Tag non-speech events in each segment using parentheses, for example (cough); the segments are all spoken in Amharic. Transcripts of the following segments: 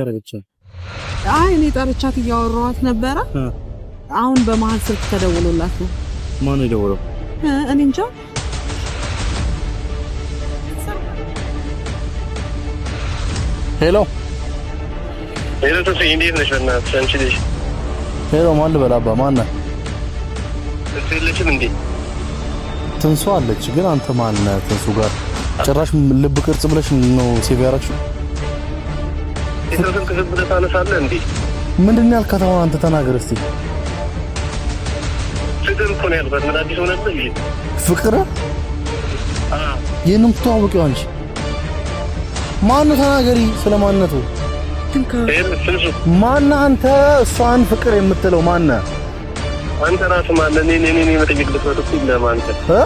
ያረገቻል? አይ እኔ ጠርቻት እያወራኋት ነበረ። አሁን በመሀል ስልክ ተደውሎላት ነው። ማን የደወለው? እኔ እንጃ። ሄሎ ሄሎ፣ እንዴት ነሽ? በእናትሽ አንቺ ልጅ። ሄሎ ማን ልበላባ? ማን ነህ? የለችም እንዴ? ትንሱ አለች። ግን አንተ ማን ነህ? ትንሱ ጋር ጭራሽ ልብ ቅርጽ ብለሽ ነው ሴቭ የሰብን ክስብለ ታነሳለህ እንዴ? ምንድን ያልካት? አሁን አንተ ተናገር እስቲ። ፍቅር እኮ ነው ያልኳት። ምን አዲስ ሆነ? ፍቅር ይህንም ትተዋወቂው አንቺ ተናገሪ ስለ ማንነቱ። አንተ? እሷን ፍቅር የምትለው ማነህ አንተ? ራስህ ማነህ? እኔ እኔ እኔ መጠየቅ ልትፈት እኮ ለማንተ እ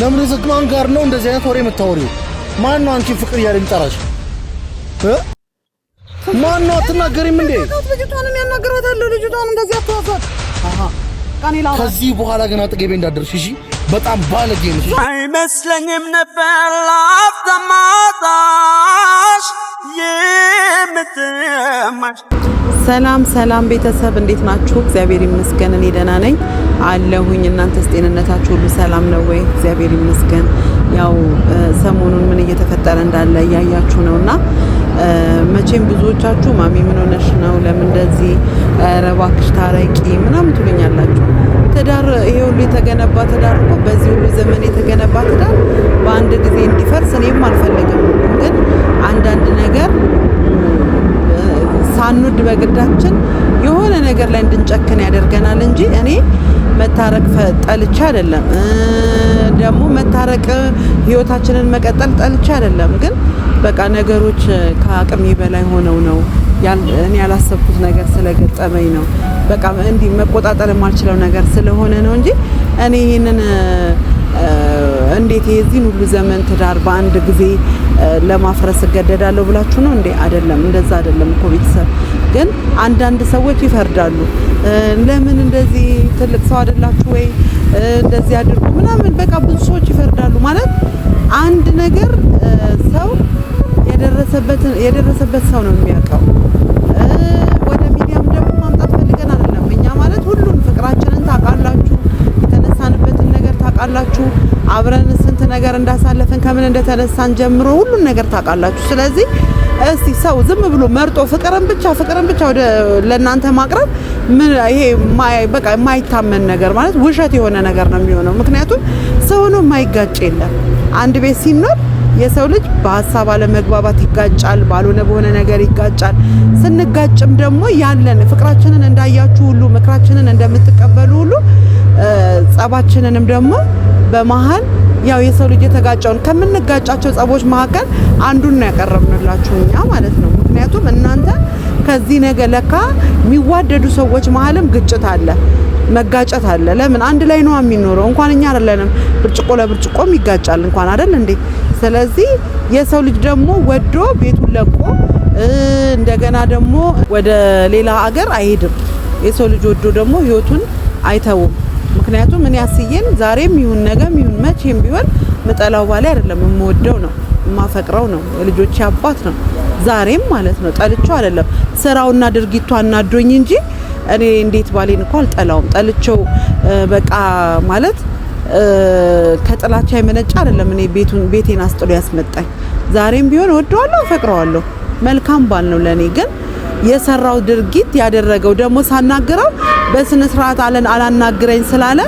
ለምን ዝግማን ጋር ነው እንደዚህ አይነት ወሬ የምታወሪው? ነው አንቺ ፍቅር እያለ የሚጠራሽ? ማነው? አትናገሪም እንዴ? ልጅቷንም ያናገራታለሁ። ልጅቷን እንደዚህ አትዋሳት። ከዚህ በኋላ ግን አጠገቤ እንዳደርሽ። እሺ፣ በጣም ባለጌ ነሽ። አይመስለኝም ነበር ላፍተማታሽ የምትማሽ። ሰላም ሰላም ቤተሰብ እንዴት ናችሁ? እግዚአብሔር ይመስገን እኔ ደህና ነኝ አለሁኝ። እናንተስ ጤንነታችሁ ሁሉ ሰላም ነው ወይ? እግዚአብሔር ይመስገን። ያው ሰሞኑን ምን እየተፈጠረ እንዳለ እያያችሁ ነውና መቼም ብዙዎቻችሁ ማሚ ምን ሆነሽ ነው ለምን እንደዚህ ረባክሽ ታረቂ ምናምን ትሉኛላችሁ። ትዳር ይሄ ሁሉ የተገነባ ትዳር እኮ በዚህ ሁሉ ዘመን የተገነባ ትዳር በአንድ ጊዜ እንዲፈርስ እኔም አልፈልግም። ግን አንዳንድ ነገር ሳንወድ በግዳችን የሆነ ነገር ላይ እንድንጨክን ያደርገናል እንጂ እኔ መታረቅ ጠልቻ አይደለም፣ ደግሞ መታረቅ ህይወታችንን መቀጠል ጠልቻ አይደለም። ግን በቃ ነገሮች ከአቅሜ በላይ ሆነው ነው እኔ ያላሰብኩት ነገር ስለገጠመኝ ነው። በቃ እንዲህ መቆጣጠር የማልችለው ነገር ስለሆነ ነው እንጂ እኔ ይህንን እንዴት የዚህን ሁሉ ዘመን ትዳር በአንድ ጊዜ ለማፍረስ እገደዳለሁ ብላችሁ ነው እንዴ? አይደለም፣ እንደዛ አይደለም እኮ ቤተሰብ ግን አንዳንድ ሰዎች ይፈርዳሉ። ለምን እንደዚህ ትልቅ ሰው አይደላችሁ ወይ እንደዚህ አድርጉ ምናምን፣ በቃ ብዙ ሰዎች ይፈርዳሉ። ማለት አንድ ነገር ሰው የደረሰበት ሰው ነው የሚያውቀው። ወደ ሚዲያም ደግሞ ማምጣት ፈልገን አይደለም እኛ ማለት ሁሉን ፍቅራችንን ታውቃላችሁ፣ የተነሳንበትን ነገር ታውቃላችሁ፣ አብረን ስንት ነገር እንዳሳለፍን ከምን እንደተነሳን ጀምሮ ሁሉን ነገር ታውቃላችሁ። ስለዚህ እስቲ ሰው ዝም ብሎ መርጦ ፍቅርን ብቻ ፍቅርን ብቻ ወደ ለእናንተ ማቅረብ ምን ይሄ በቃ የማይታመን ነገር ማለት ውሸት የሆነ ነገር ነው የሚሆነው። ምክንያቱም ሰው ነው የማይጋጭ የለም። አንድ ቤት ሲኖር የሰው ልጅ በሀሳብ አለመግባባት ይጋጫል፣ ባልሆነ በሆነ ነገር ይጋጫል። ስንጋጭም ደግሞ ያለን ፍቅራችንን እንዳያችሁ ሁሉ ምክራችንን እንደምትቀበሉ ሁሉ ጸባችንንም ደግሞ በመሀል ያው የሰው ልጅ የተጋጨውን ከምንጋጫቸው ጸቦች መካከል አንዱን ነው ያቀረብንላችሁ እኛ ማለት ነው። ምክንያቱም እናንተ ከዚህ ነገር ለካ የሚዋደዱ ሰዎች መሀልም ግጭት አለ፣ መጋጨት አለ። ለምን አንድ ላይ ነው የሚኖረው? እንኳን እኛ አይደለንም ብርጭቆ ለብርጭቆም ይጋጫል እንኳን አይደል እንዴ? ስለዚህ የሰው ልጅ ደግሞ ወዶ ቤቱን ለቆ እንደገና ደግሞ ወደ ሌላ ሀገር አይሄድም። የሰው ልጅ ወዶ ደግሞ ህይወቱን አይተውም። ምክንያቱም እኔ አስዬን ዛሬም ይሁን ነገም ይሁን መቼም ቢሆን ምጠላው ባሌ አይደለም፣ የምወደው ነው፣ የማፈቅረው ነው፣ ልጆች አባት ነው። ዛሬም ማለት ነው ጠልቼው አይደለም፣ ስራውና ድርጊቱ አናዶኝ እንጂ እኔ እንዴት ባሌን እኮ አልጠላውም። ጠልቼው በቃ ማለት ከጥላቻ የመነጨ አይደለም። እኔ ቤቱን ቤቴን አስጥሎ ያስመጣኝ ዛሬም ቢሆን እወደዋለሁ፣ አፈቅረዋለሁ። መልካም ባል ነው ለእኔ ግን የሰራው ድርጊት ያደረገው ደግሞ ሳናግረው በስነ ስርዓት አለን አላናግረኝ ስላለ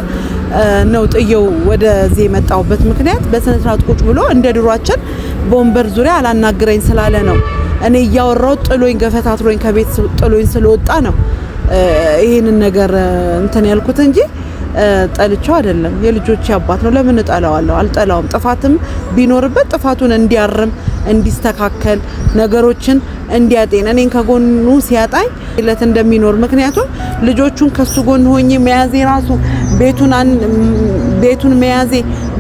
ነው ጥየው ወደዚህ የመጣሁበት ምክንያት በስነ ስርዓት ቁጭ ብሎ እንደ ድሯችን በወንበር ዙሪያ አላናግረኝ ስላለ ነው። እኔ እያወራው ጥሎኝ ገፈታትሎኝ ከቤት ጥሎኝ ስለወጣ ነው ይህንን ነገር እንትን ያልኩት እንጂ ጠልቼው አይደለም። የልጆች አባት ነው። ለምን እጠላዋለሁ? አልጠላውም። ጥፋትም ቢኖርበት ጥፋቱን እንዲያርም፣ እንዲስተካከል፣ ነገሮችን እንዲያጤን፣ እኔን ከጎኑ ሲያጣኝ ለት እንደሚኖር ምክንያቱም ልጆቹን ከሱ ጎን ሆኜ መያዜ ራሱ ቤቱን መያዜ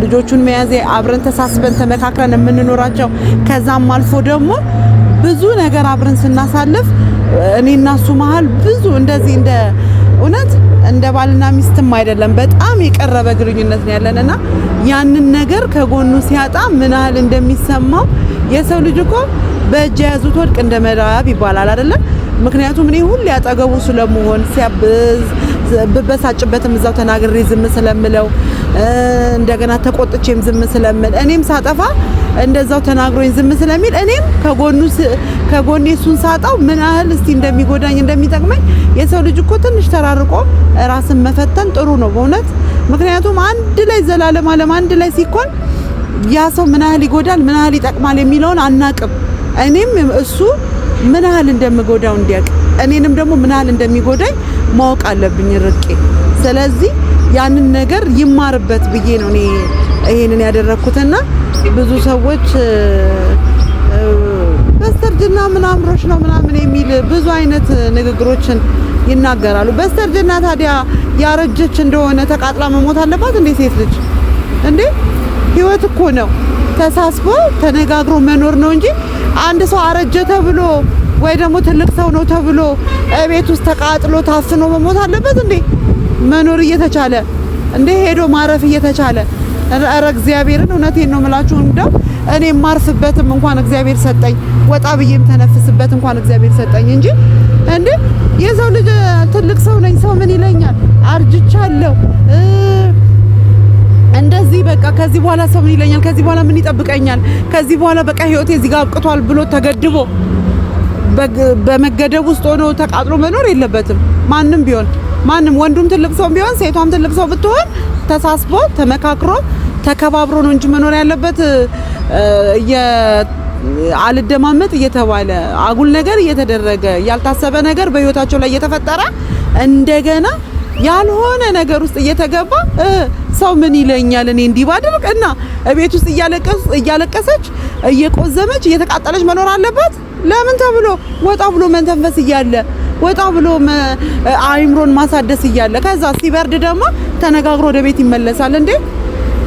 ልጆቹን መያዜ አብረን ተሳስበን ተመካክረን የምንኖራቸው ከዛም አልፎ ደግሞ ብዙ ነገር አብረን ስናሳልፍ እኔና እሱ መሀል ብዙ እንደዚህ እንደ እውነት እንደ ባልና ሚስትም አይደለም፣ በጣም የቀረበ ግንኙነት ነው ያለን ያንን ነገር ከጎኑ ሲያጣ ምን ያህል እንደሚሰማው የሰው ልጅ እኮ በእጅ የያዙት ወርቅ እንደ መዳብ ይባላል አይደለም? ምክንያቱም እኔ ሁሌ ያጠገቡ ስለመሆን ሲያብዝ ብበሳጭበትም እዛው ተናግሬ ዝም ስለምለው እንደገና ተቆጥቼም ዝም ስለምል እኔም ሳጠፋ እንደዛው ተናግሮኝ ዝም ስለሚል እኔም ከጎኑ ከጎኔ እሱን ሳጣው ምን ያህል እስቲ እንደሚጎዳኝ እንደሚጠቅመኝ። የሰው ልጅ እኮ ትንሽ ተራርቆ ራስን መፈተን ጥሩ ነው በእውነት ምክንያቱም አንድ ላይ ዘላለም ዓለም አንድ ላይ ሲኮን ያ ሰው ምን ያህል ይጎዳል፣ ምን ያህል ይጠቅማል የሚለውን አናቅም። እኔም እሱ ምን ያህል እንደምጎዳው እንዲያውቅ እኔንም ደግሞ ምን ያህል እንደሚጎዳኝ ማወቅ አለብኝ ርቄ። ስለዚህ ያንን ነገር ይማርበት ብዬ ነው እኔ ይሄንን ያደረኩትና ብዙ ሰዎች በስተርጅና ምን አምሮች ነው ምናምን የሚል ብዙ አይነት ንግግሮችን ይናገራሉ። በስተርጅና ታዲያ ያረጀች እንደሆነ ተቃጥላ መሞት አለባት እንዴ? ሴት ልጅ እንዴ? ህይወት እኮ ነው። ተሳስቦ ተነጋግሮ መኖር ነው እንጂ አንድ ሰው አረጀ ተብሎ ወይ ደግሞ ትልቅ ሰው ነው ተብሎ ቤት ውስጥ ተቃጥሎ ታፍኖ መሞት አለበት እንዴ? መኖር እየተቻለ እንዴ ሄዶ ማረፍ እየተቻለ ረ እግዚአብሔርን እውነቴን ነው የምላችሁ። እንደው እኔ ማርፍበትም እንኳን እግዚአብሔር ሰጠኝ፣ ወጣ ብዬም ተነፍስበት እንኳን እግዚአብሔር ሰጠኝ እንጂ እንዴ የሰው ልጅ ትልቅ ሰው ነኝ፣ ሰው ምን ይለኛል፣ አርጅቻለሁ፣ እንደዚህ በቃ ከዚህ በኋላ ሰው ምን ይለኛል፣ ከዚህ በኋላ ምን ይጠብቀኛል፣ ከዚህ በኋላ በቃ ህይወቴ እዚህ ጋር አብቅቷል ብሎ ተገድቦ በመገደብ ውስጥ ሆኖ ተቃጥሎ መኖር የለበትም። ማንም ቢሆን ማንም ወንዱም ትልቅ ሰው ቢሆን ሴቷም ትልቅ ሰው ብትሆን ተሳስቦ ተመካክሮ ተከባብሮ ነው እንጂ መኖር ያለበት አልደማመጥ እየተባለ አጉል ነገር እየተደረገ ያልታሰበ ነገር በህይወታቸው ላይ እየተፈጠረ እንደገና ያልሆነ ነገር ውስጥ እየተገባ ሰው ምን ይለኛል እኔ እንዲህ ባደርግ እና ቤት ውስጥ እያለቀሰች እየቆዘመች እየተቃጠለች መኖር አለበት። ለምን ተብሎ ወጣ ብሎ መንተንፈስ እያለ ወጣ ብሎ አይምሮን ማሳደስ እያለ ከዛ ሲበርድ ደግሞ ተነጋግሮ ወደ ቤት ይመለሳል። እንዴ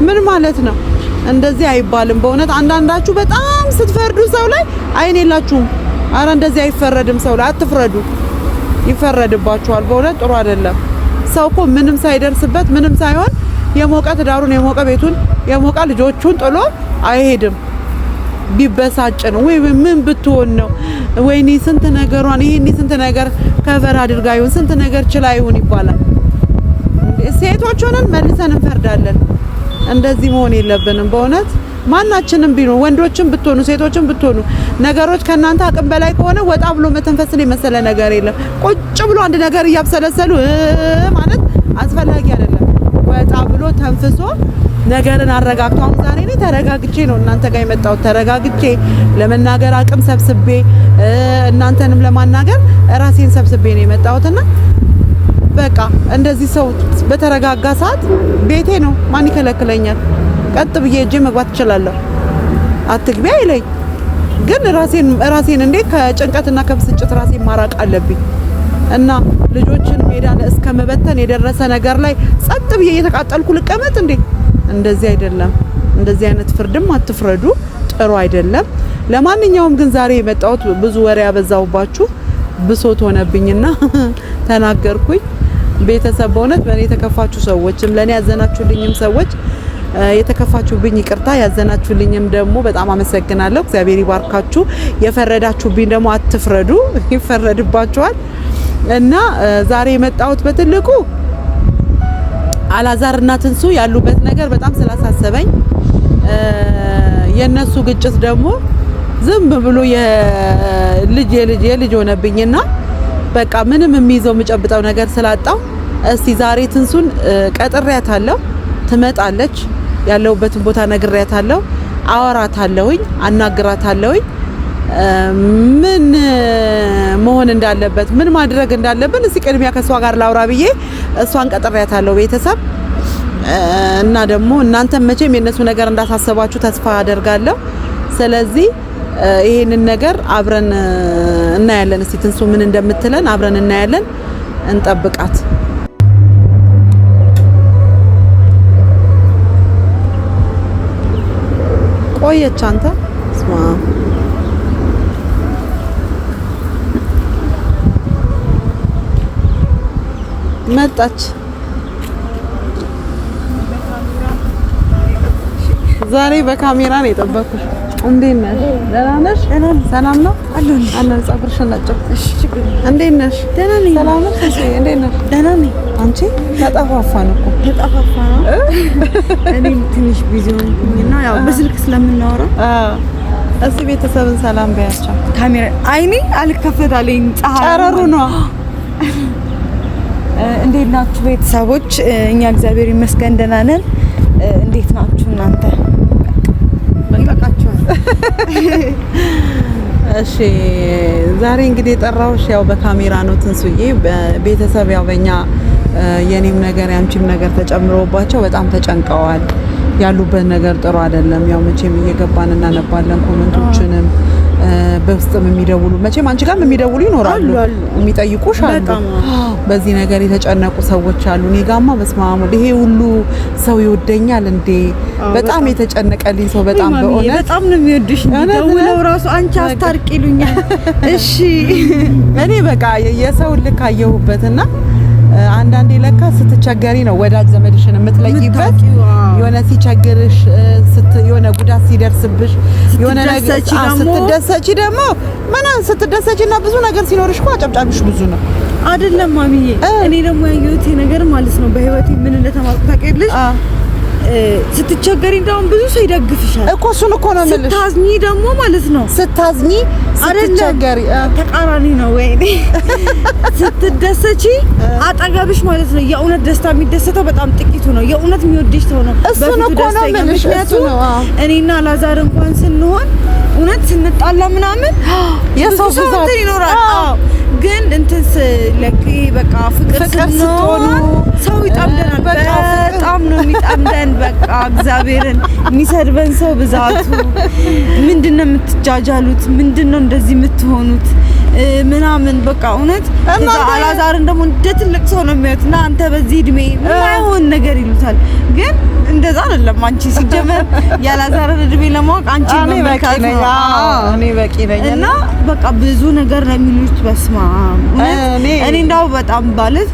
ምን ማለት ነው? እንደዚህ አይባልም። በእውነት አንዳንዳችሁ በጣም ስትፈርዱ ሰው ላይ አይን የላችሁም። አረ እንደዚህ አይፈረድም። ሰው ላይ አትፍረዱ፣ ይፈረድባችኋል። በእውነት ጥሩ አይደለም። ሰው እኮ ምንም ሳይደርስበት ምንም ሳይሆን የሞቀ ትዳሩን የሞቀ ቤቱን የሞቀ ልጆቹን ጥሎ አይሄድም። ቢበሳጭ ነው ወይ ምን ብትሆን ነው? ወይኔ ስንት ነገሯን ይሄኔ ስንት ነገር ከቨር አድርጋ ይሁን ስንት ነገር ችላ ይሁን ይባላል። ሴቶች ሆነን መልሰን እንፈርዳለን። እንደዚህ መሆን የለብንም በእውነት ማናችንም ቢሆን ወንዶችም ብትሆኑ ሴቶችም ብትሆኑ ነገሮች ከእናንተ አቅም በላይ ከሆነ ወጣ ብሎ መተንፈስን የመሰለ ነገር የለም። ቁጭ ብሎ አንድ ነገር እያብሰለሰሉ ማለት አስፈላጊ አይደለም። ወጣ ብሎ ተንፍሶ ነገርን አረጋግቶ አሁን ዛሬ ነው ተረጋግቼ ነው እናንተ ጋር የመጣሁት። ተረጋግቼ ለመናገር አቅም ሰብስቤ እናንተንም ለማናገር ራሴን ሰብስቤ ነው የመጣሁትና በቃ እንደዚህ ሰው በተረጋጋ ሰዓት ቤቴ ነው። ማን ይከለክለኛል? ቀጥ ብዬ እጄ መግባት እችላለሁ። አትግቢ አይለኝ። ግን ራሴን ራሴን እንዴት ከጭንቀትና ከብስጭት ራሴን ማራቅ አለብኝ እና ልጆችን ሜዳ እስከ መበተን የደረሰ ነገር ላይ ጸጥ ብዬ እየተቃጠልኩ ልቀመጥ እንዴ? እንደዚህ አይደለም፣ እንደዚህ አይነት ፍርድም አትፍረዱ፣ ጥሩ አይደለም። ለማንኛውም ግን ዛሬ የመጣሁት ብዙ ወሬ ያበዛውባችሁ ብሶት ሆነብኝና (laughs) ተናገርኩኝ። ቤተሰብ በእውነት በእኔ የተከፋችሁ ሰዎችም ለእኔ ያዘናችሁልኝም ሰዎች የተከፋችሁብኝ ይቅርታ፣ ያዘናችሁልኝም ደግሞ በጣም አመሰግናለሁ። እግዚአብሔር ይባርካችሁ። የፈረዳችሁብኝ ደግሞ አትፍረዱ፣ (laughs) ይፈረድባችኋል። እና ዛሬ የመጣሁት በትልቁ አላዛር እና ትንሱ ያሉበት ነገር በጣም ስላሳሰበኝ የነሱ ግጭት ደግሞ ዝም ብሎ የልጅ የልጅ የልጅ ሆነብኝና በቃ ምንም የሚይዘው የምጨብጠው ነገር ስላጣው እስቲ ዛሬ ትንሱን ቀጥሬያታለሁ። ትመጣለች። ያለውበትን ቦታ ነግሬያታለሁ። አወራታለሁኝ፣ አናግራታለሁኝ ምን መሆን እንዳለበት ምን ማድረግ እንዳለብን እስቲ ቅድሚያ ከሷ ጋር ላውራ ብዬ እሷን ቀጥሬያታለሁ ቤተሰብ እና ደግሞ እናንተም መቼም የእነሱ ነገር እንዳሳሰባችሁ ተስፋ አደርጋለሁ። ስለዚህ ይሄንን ነገር አብረን እናያለን። እስቲ ትንሱ ምን እንደምትለን አብረን እናያለን። እንጠብቃት። ቆየች አንተ መጣች። ዛሬ በካሜራ ነው የጠበኩሽ። እንዴት ነሽ? ደህና ነሽ? ሰላም ነው? አለን ፀጉርሽን ነጭው። እንዴት ነሽ? ደህና ነኝ። ሰላም ነው? እንዴት ነሽ? ደህና ነኝ። አንቺ ነው እኮ ነው። እኔም ትንሽ ቢዚ ሆንኩኝና ያው በስልክ ስለምናወራ እስኪ ቤተሰብን ሰላም በያቸው። ካሜራ አይኔ አልከፈታለኝ። ፀሐይ ጠረሩ ነው (gasps) እንዴት ናችሁ ቤተሰቦች? እኛ እግዚአብሔር ይመስገን ደህና ነን። እንዴት ናችሁ እናንተ? ይበቃችኋል። (laughs) እሺ ዛሬ እንግዲህ የጠራሁሽ ያው በካሜራ ነው ትንሱዬ። ቤተሰብ ያው በእኛ የኔም ነገር ያንቺም ነገር ተጨምሮባቸው በጣም ተጨንቀዋል። ያሉበት ነገር ጥሩ አይደለም። ያው መቼም እየገባን እናነባለን ኮመንቶችንም በውስጥም የሚደውሉ መቼም አንቺ ጋርም የሚደውሉ ይኖራሉ፣ የሚጠይቁሽ አሉ። በዚህ ነገር የተጨነቁ ሰዎች አሉ። እኔ ጋማ መስማሙ ይሄ ሁሉ ሰው ይወደኛል እንዴ? በጣም የተጨነቀልኝ ሰው በጣም በእውነት በጣም ነው የሚወድሽ። ደውለው ራሱ አንቺ አስታርቂሉኛል። (laughs) እሺ እኔ በቃ የሰው ልክ አየሁበትና አንዳንዴ ለካ ስትቸገሪ ነው ወዳጅ ዘመድሽን የምትለይበት። የሆነ ሲቸግርሽ፣ የሆነ ጉዳት ሲደርስብሽ፣ የሆነ ነገር ስትደሰቺ ደግሞ ምና ስትደሰቺ እና ብዙ ነገር ሲኖርሽ እኮ አጨብጫብሽ ብዙ ነው አይደለም ማሚዬ። እኔ ደግሞ ያየሁት ነገር ማለት ነው በህይወቴ ምን እንደተማርኩ ታውቂያለሽ ስትቸገሪ እንደውም ብዙ ሰው ይደግፍሻል እኮ። እሱን እኮ ነው የምልሽ። ስታዝኚ ደግሞ ማለት ነው ስታዝኚ ስትቸገሪ ተቃራኒ ነው ወይ (laughs) ስትደሰቺ አጠገብሽ ማለት ነው። የእውነት ደስታ የሚደሰተው በጣም ጥቂቱ ነው። የእውነት የሚወድሽ ሰው ነው። እሱን እኮ ነው የምልሽ። እኔና ላዛር እንኳን ስንሆን እውነት ስንጣላ ምናምን (gasps) የሰው ብዛት ይኖራል ግን እንትን ስለክ በቃ ፍቅር ስትሆኑ ሰው ይጣምደናል። በጣም ነው የሚጣምደን። በቃ እግዚአብሔርን የሚሰድበን ሰው ብዛቱ ምንድነው? የምትጃጃሉት ምንድነው? እንደዚህ የምትሆኑት ምናምን በቃ እውነት አላዛርን ደግሞ እንደ ትልቅ ሰው ነው የሚያዩት እና አንተ በዚህ እድሜ ማይሆን ነገር ይሉታል። ግን እንደዛ አይደለም። አንቺ ሲጀመር (laughs) ያላዛርን እድሜ ለማወቅ አንቺ መመልካት ነው። እኔ በቂ ነኝ እና በቃ ብዙ ነገር ነው የሚሉት። በስማ እኔ እንዳው በጣም ባለት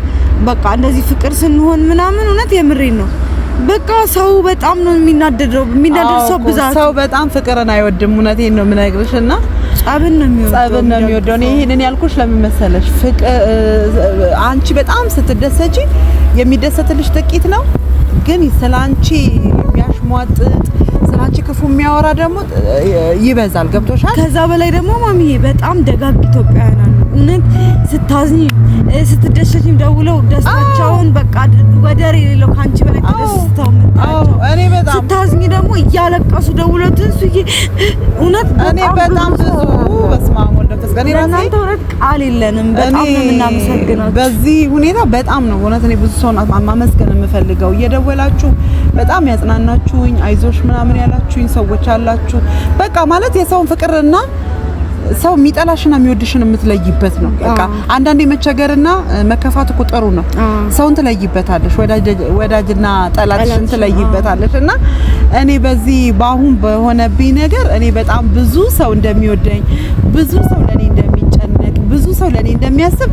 በቃ እንደዚህ ፍቅር ስንሆን ምናምን እውነት የምሬን ነው በቃ ሰው በጣም ነው የሚናደደው። የሚናደድ ሰው ብዛት ሰው በጣም ፍቅርን አይወድም። እውነቴን ነው የምነግርሽ እና ጸብን ነው የሚወደው፣ ጸብን ነው የሚወደው። እኔ ይሄንን ያልኩሽ ለምን መሰለሽ? ፍቅር አንቺ በጣም ስትደሰቺ የሚደሰትልሽ ጥቂት ነው፣ ግን ስላንቺ የሚያሽሟጥጥ ስላንቺ ክፉ የሚያወራ ደግሞ ይበዛል። ገብቶሻል? ከዛ በላይ ደግሞ ማሚዬ በጣም ደጋግ ኢትዮጵያውያን አሉ። እውነት ስታዝኝ ስትደሰችም ደውለው ደስታቸውን በቃ ወደር የሌለው ከአንቺ በላይ ተደስተው እኔ በጣም ስታዝኝ ደግሞ እያለቀሱ ደውለው ትንሱዬ እውነት እኔ በጣም ብዙ በስመ እውነት ቃል የለንም። በጣም ነው የምናመሰግነው። በዚህ ሁኔታ በጣም ነው እውነት እኔ ብዙ ሰውን ማመስገን የምፈልገው እየደወላችሁ በጣም ያጽናናችሁኝ አይዞሽ ምናምን ያላችሁኝ ሰዎች አላችሁ። በቃ ማለት የሰውን ፍቅርና ሰው የሚጠላሽና የሚወድሽን የምትለይበት ነው። በቃ አንዳንዴ መቸገርና መከፋት እኮ ጥሩ ነው። ሰውን ትለይበታለሽ፣ ወዳጅና ጠላትሽን ትለይበታለሽ። እና እኔ በዚህ በአሁን በሆነብኝ ነገር እኔ በጣም ብዙ ሰው እንደሚወደኝ ብዙ ሰው ለእኔ እንደሚጨነቅ ብዙ ሰው ለእኔ እንደሚያስብ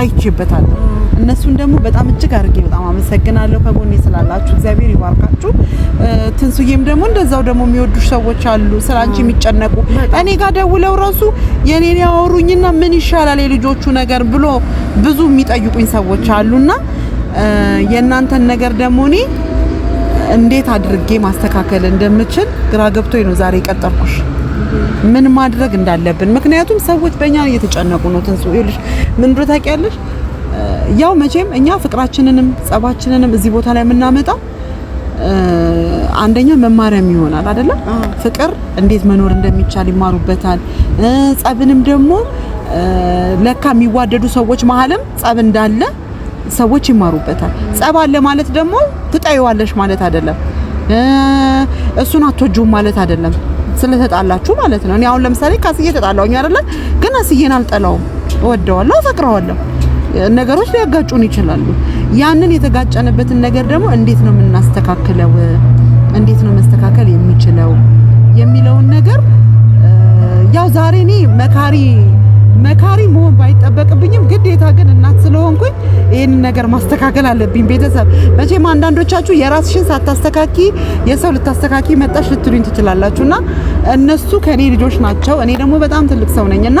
አይችበታለሁ። እነሱን ደግሞ በጣም እጅግ አድርጌ በጣም አመሰግናለሁ ከጎኔ ስላላችሁ፣ እግዚአብሔር ይባርካችሁ። ትንሱዬም ደግሞ እንደዛው ደግሞ የሚወዱ ሰዎች አሉ፣ ስለ አንቺ የሚጨነቁ እኔ ጋር ደውለው ራሱ የኔን ያወሩኝና ምን ይሻላል የልጆቹ ነገር ብሎ ብዙ የሚጠይቁኝ ሰዎች አሉና የእናንተን ነገር ደግሞ እኔ እንዴት አድርጌ ማስተካከል እንደምችል ግራ ገብቶኝ ነው ዛሬ የቀጠርኩሽ ምን ማድረግ እንዳለብን። ምክንያቱም ሰዎች በእኛ እየተጨነቁ ነው። ትንሱ ይኸውልሽ ምን ብሎ ታውቂያለሽ ያው መቼም እኛ ፍቅራችንንም ጸባችንንም እዚህ ቦታ ላይ የምናመጣው አንደኛ መማሪያም ይሆናል አይደለ? ፍቅር እንዴት መኖር እንደሚቻል ይማሩበታል። ጸብንም ደግሞ ለካ የሚዋደዱ ሰዎች መሀልም ጸብ እንዳለ ሰዎች ይማሩበታል። ጸብ አለ ማለት ደግሞ ትጠይዋለሽ ማለት አይደለም፣ እሱን አትወጂውም ማለት አይደለም። ስለተጣላችሁ ማለት ነው። እኔ አሁን ለምሳሌ ካስዬ ተጣላሁኝ አይደለ? ግን አስዬን አልጠላውም፣ እወደዋለሁ፣ አፈቅረዋለሁ ነገሮች ሊያጋጩን ይችላሉ። ያንን የተጋጨንበትን ነገር ደግሞ እንዴት ነው የምናስተካክለው፣ እንዴት ነው መስተካከል የሚችለው የሚለውን ነገር ያው ዛሬ እኔ መካሪ መካሪ መሆን ባይጠበቅብኝም ግዴታ ግን እናት ስለሆንኩኝ ይህንን ነገር ማስተካከል አለብኝ። ቤተሰብ መቼም አንዳንዶቻችሁ የራስሽን ሳታስተካኪ የሰው ልታስተካኪ መጣሽ ልትሉኝ ትችላላችሁ። እና እነሱ ከእኔ ልጆች ናቸው፣ እኔ ደግሞ በጣም ትልቅ ሰው ነኝ እና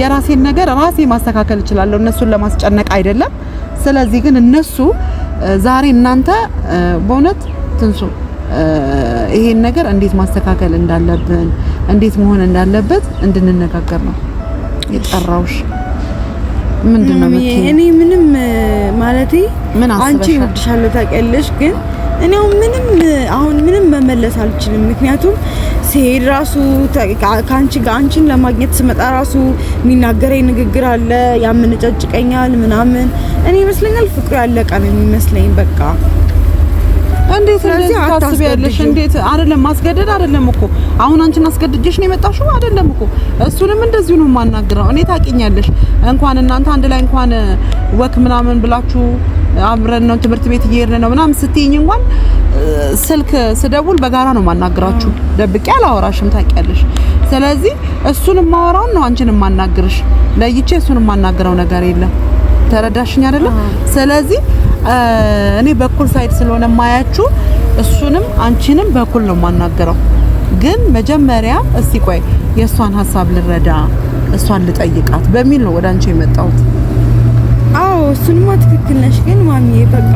የራሴን ነገር ራሴ ማስተካከል እችላለሁ፣ እነሱን ለማስጨነቅ አይደለም። ስለዚህ ግን እነሱ ዛሬ እናንተ በእውነት ትንሱ ይሄን ነገር እንዴት ማስተካከል እንዳለብን እንዴት መሆን እንዳለበት እንድንነጋገር ነው የጠራውሽ። ምንድን ነው እኔ ምንም ማለቴ ምን አንቺ ይወድሻለሁ ታውቂያለሽ፣ ግን እኔው ምንም አሁን ምንም መመለስ አልችልም፣ ምክንያቱም ሲሄድ ራሱ ከአንቺ ጋር አንቺን ለማግኘት ስመጣ ራሱ የሚናገረኝ ንግግር አለ፣ ያምንጨጭቀኛል ምናምን። እኔ ይመስለኛል ፍቅሩ ያለቀ ነው የሚመስለኝ። በቃ እንዴት እንደዚህ ታስቢያለሽ? እንዴት አይደለም ማስገደድ አይደለም እኮ አሁን አንቺን አስገድጀሽ ነው የመጣሽው አይደለም እኮ። እሱንም እንደዚሁ ነው የማናግረው። እኔ ታውቂኛለሽ፣ እንኳን እናንተ አንድ ላይ እንኳን ወክ ምናምን ብላችሁ አብረን ነው ትምህርት ቤት እየሄድን ነው ምናምን ስትይኝ እንኳን ስልክ ስደውል በጋራ ነው ማናግራችሁ። ደብቄ አላወራሽም ታውቂያለሽ። ስለዚህ እሱን ማወራውን ነው አንቺን ማናግርሽ። ለይቼ እሱን ማናግረው ነገር የለም። ተረዳሽኝ አይደለም? ስለዚህ እኔ በኩል ሳይድ ስለሆነ ማያችሁ እሱንም አንቺንም በኩል ነው ማናገረው። ግን መጀመሪያ እስቲ ቆይ የእሷን ሀሳብ ልረዳ፣ እሷን ልጠይቃት በሚል ነው ወደ አንቺ የመጣሁት። አዎ እሱንማ ትክክል ነሽ። ግን ማሚ በቃ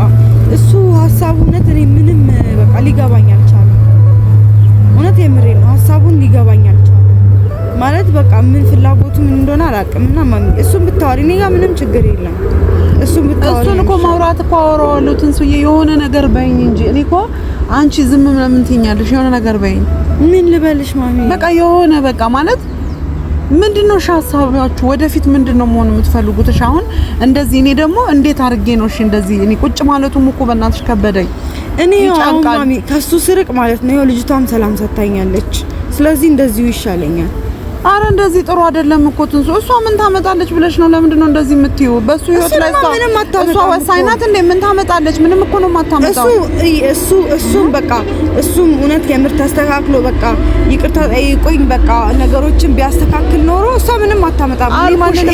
እሱ ሀሳቡ እውነት እኔ ምንም በቃ ሊገባኝ አልቻለም። እውነት የምሬ ነው። ሀሳቡን ሊገባኝ አልቻለም ማለት በቃ ምን ፍላጎቱ ምን እንደሆነ አላውቅም። እና ማሚ እሱን ብታወሪ እኔ ጋር ምንም ችግር የለም። እሱን ብታወሪ እሱን እኮ ማውራት እኮ አወራዋለሁ። ትንሱዬ የሆነ ነገር በይኝ እንጂ እኔ እኮ አንቺ ዝም ምናምን ትይኛለሽ። የሆነ ነገር በይኝ። ምን ልበልሽ ማሚ? በቃ የሆነ በቃ ማለት ምንድን ነው ሀሳባችሁ? ወደፊት ምንድን ነው መሆን የምትፈልጉት? እሺ አሁን እንደዚህ እኔ ደግሞ እንዴት አድርጌ ነው እሺ እንደዚህ እኔ ቁጭ ማለቱም እኮ በእናትሽ ከበደኝ። እኔ አሁን ማሚ ከሱ ስርቅ ማለት ነው። ልጅቷም ሰላም ሰታኛለች። ስለዚህ እንደዚሁ ይሻለኛል። አረ እንደዚህ ጥሩ አይደለም እኮ ትንሱ። እሷ ምን ታመጣለች ብለሽ ነው? ለምንድን ነው እንደዚህ የምትይው? በሱ ህይወት ላይ እሷ ምንም አታመጣም። እሷ ወሳኝ ናት እንዴ? ምን ታመጣለች? ምንም እኮ ነው የማታመጣው። እሱ እሱ በቃ እሱም እውነት የምር ተስተካክሎ በቃ ይቅርታ ጠይቆኝ በቃ ነገሮችን ቢያስተካክል ኖሮ እሷ ምንም አታመጣም።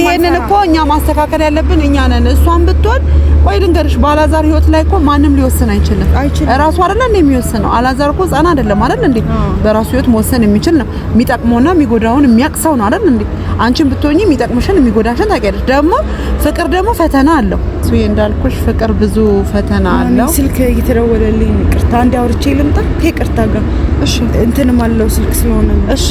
ይሄንን እኮ እኛ ማስተካከል ያለብን እኛ ነን። እሷን ብትሆን ቆይ ልንገርሽ፣ በአላዛር ህይወት ላይ እኮ ማንም ሊወስን አይችልም። አይችልም ራሱ አይደለ እንደ የሚወስነው። አላዛር እኮ ህጻን አይደለም አይደል እንዴ? በራሱ ህይወት መወሰን የሚችል ነው። የሚጠቅመውና የሚጎዳውን የሚያውቅ ሰው ነው አይደል እንዴ? አንቺን ብትሆኚ የሚጠቅምሽን የሚጎዳሽን ታውቂያለሽ። ደግሞ ፍቅር ደግሞ ፈተና አለው። እሱ እንዳልኩሽ ፍቅር ብዙ ፈተና አለው። ስልክ እየተደወለልኝ ቅርታ፣ አንዴ ልምጣ ከቅርታ ጋር። እሺ፣ እንትንም አለው ስልክ ስለሆነ እሺ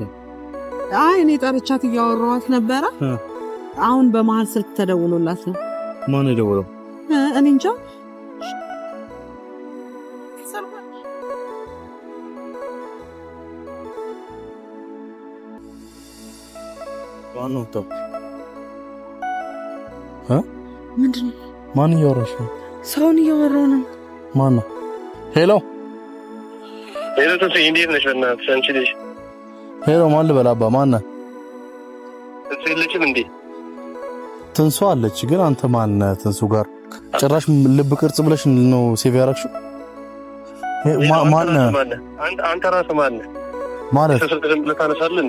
ይችላል? አይ እኔ ጠርቻት እያወራኋት ነበረ። አሁን በመሀል ስልክ ተደውሎላት ነው። ማን የደውለው? እኔ እንጃ። ማን እያወራሽ ነው? ሰውን እያወራ ነው። ማን ነው? ሄሎ ሄሎ፣ እንዴት ነሽ? በእናትሽ አንቺ ልጅ ሄሎ፣ ማን ልበላባ? ማን ነህ? እሱ የለችም እንዴ? ትንሱ አለች። ግን አንተ ማን ትንሱ ጋር ጭራሽ ልብ ቅርጽ ብለሽ ነው ሴቭ ያደረግሽው? ማን አንተ? ራስህ ማን ነህ ማለት ስልክ ዝም ብለህ ታነሳለህ?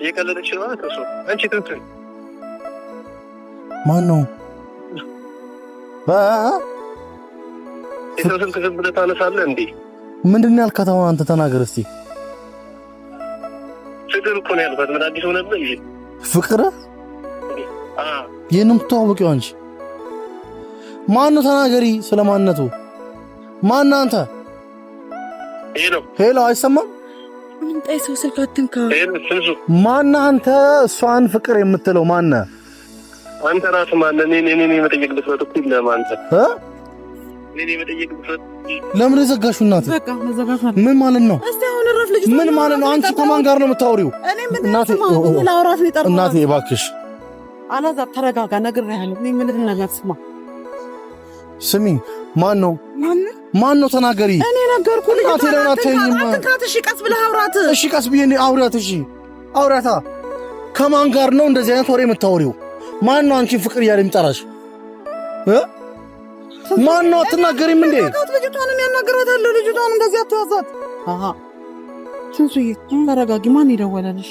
እየቀለደች ማለት እሱ አንቺ ትንሱ ማን ነው? የሰው ስልክ ዝም ብለህ ታነሳለህ እንዴ? ምንድን ነው ያልከተማ? አንተ ተናገር እስቲ ፍቅር እኮ ነው ያልኳት። ምን አዲስ ሆነብህ? ይሄ ፍቅር ይህን የምትተዋወቂው አንቺ ማነው? ተናገሪ ስለ ማንነቱ። ማነህ አንተ? ሄሎ ሄሎ፣ አይሰማም። ማነህ አንተ? እሷን ፍቅር የምትለው ማነ? አንተ? ራስህ ማነህ? እኔ እኔ እኔ መጠየቅ ብትመጣ እኮ ይለማል እ እኔ እኔ መጠየቅ ብትመጣ ለምን ዘጋሹ? እናት ምን ማለት ነው? ምን ማለት ነው? አንቺ ከማን ጋር ነው የምታወሪው? እናቴ እባክሽ አላዛር ተረጋጋ። ነገር ነገር ስማ ስሚ፣ ማን ነው ማን ነው? ተናገሪ። እኔ ነገርኩ። እናቴ ለምን አትተይኝም? እሺ፣ ቀስ ብለህ አውራት። እሺ፣ ቀስ ብዬ አውራት። እሺ፣ አውራታ። ከማን ጋር ነው እንደዚህ አይነት ወሬ የምታወሪው? ማን ነው አንቺን ፍቅር እያለ የሚጠራሽ? ማን ማነው? አትናገሪም እንዴ? ልጅቷንም የሚያናገራታለሁ። ልጅቷን እንደዚህ አትያዛት። ትንሱዬ ተረጋጊ። ማን ይደወለልሽ?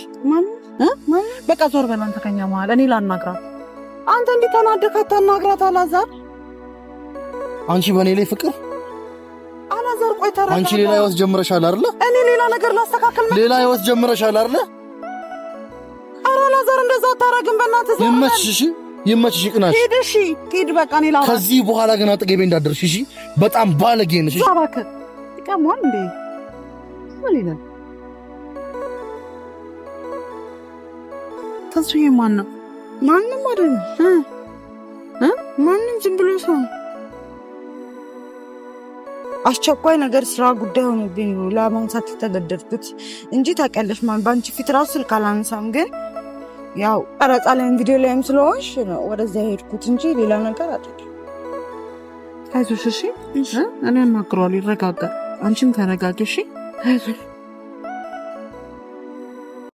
በቃ ዞር በል አንተ ከኛ መሀል። እኔ ላናግራት። አንተ እንዲህ ተናደህ አታናግራት። አላዛር አንቺ በእኔ ላይ ፍቅር አላዛር፣ ቆይ ተረጋጋ። አንቺ ሌላ ህይወት ጀምረሻል አይደለ? እኔ ሌላ ነገር ላስተካከል። ሌላ ህይወት ጀምረሻል አይደለ? ኧረ አላዛር እንደዛ አታረግም በእናትህ። ይመችሽ። ይመችሽ፣ ይቅናሽ። ሄደሽ ሄድ፣ በቃ እኔ ላውራ። ከዚህ በኋላ ግን አጠገቤ እንዳደርሽ። እሺ፣ በጣም ባለጌ ነሽ። እሺ፣ እባክህ ይቀማል እንዴ? ምን ይላል? ተንሱዬ ማን ነው? ማንም አይደለም። እ ማንም ዝም ብሎ ሰው አስቸኳይ ነገር ስራ ጉዳይ ሆኖብኝ ነው ለማንሳት የተገደድኩት እንጂ ታውቂያለሽ፣ ማን በአንቺ ፊት ራሱ ስልክ አላነሳም ግን ያው ቀረጻ ላይም ቪዲዮ ላይም ስለሆንሽ ነው ወደዚያ ሄድኩት እንጂ ሌላ ነገር አይደለም። አይዞሽ እሺ፣ እኔ አናግረዋለሁ፣ ይረጋጋል። አንቺም ተረጋግሽ።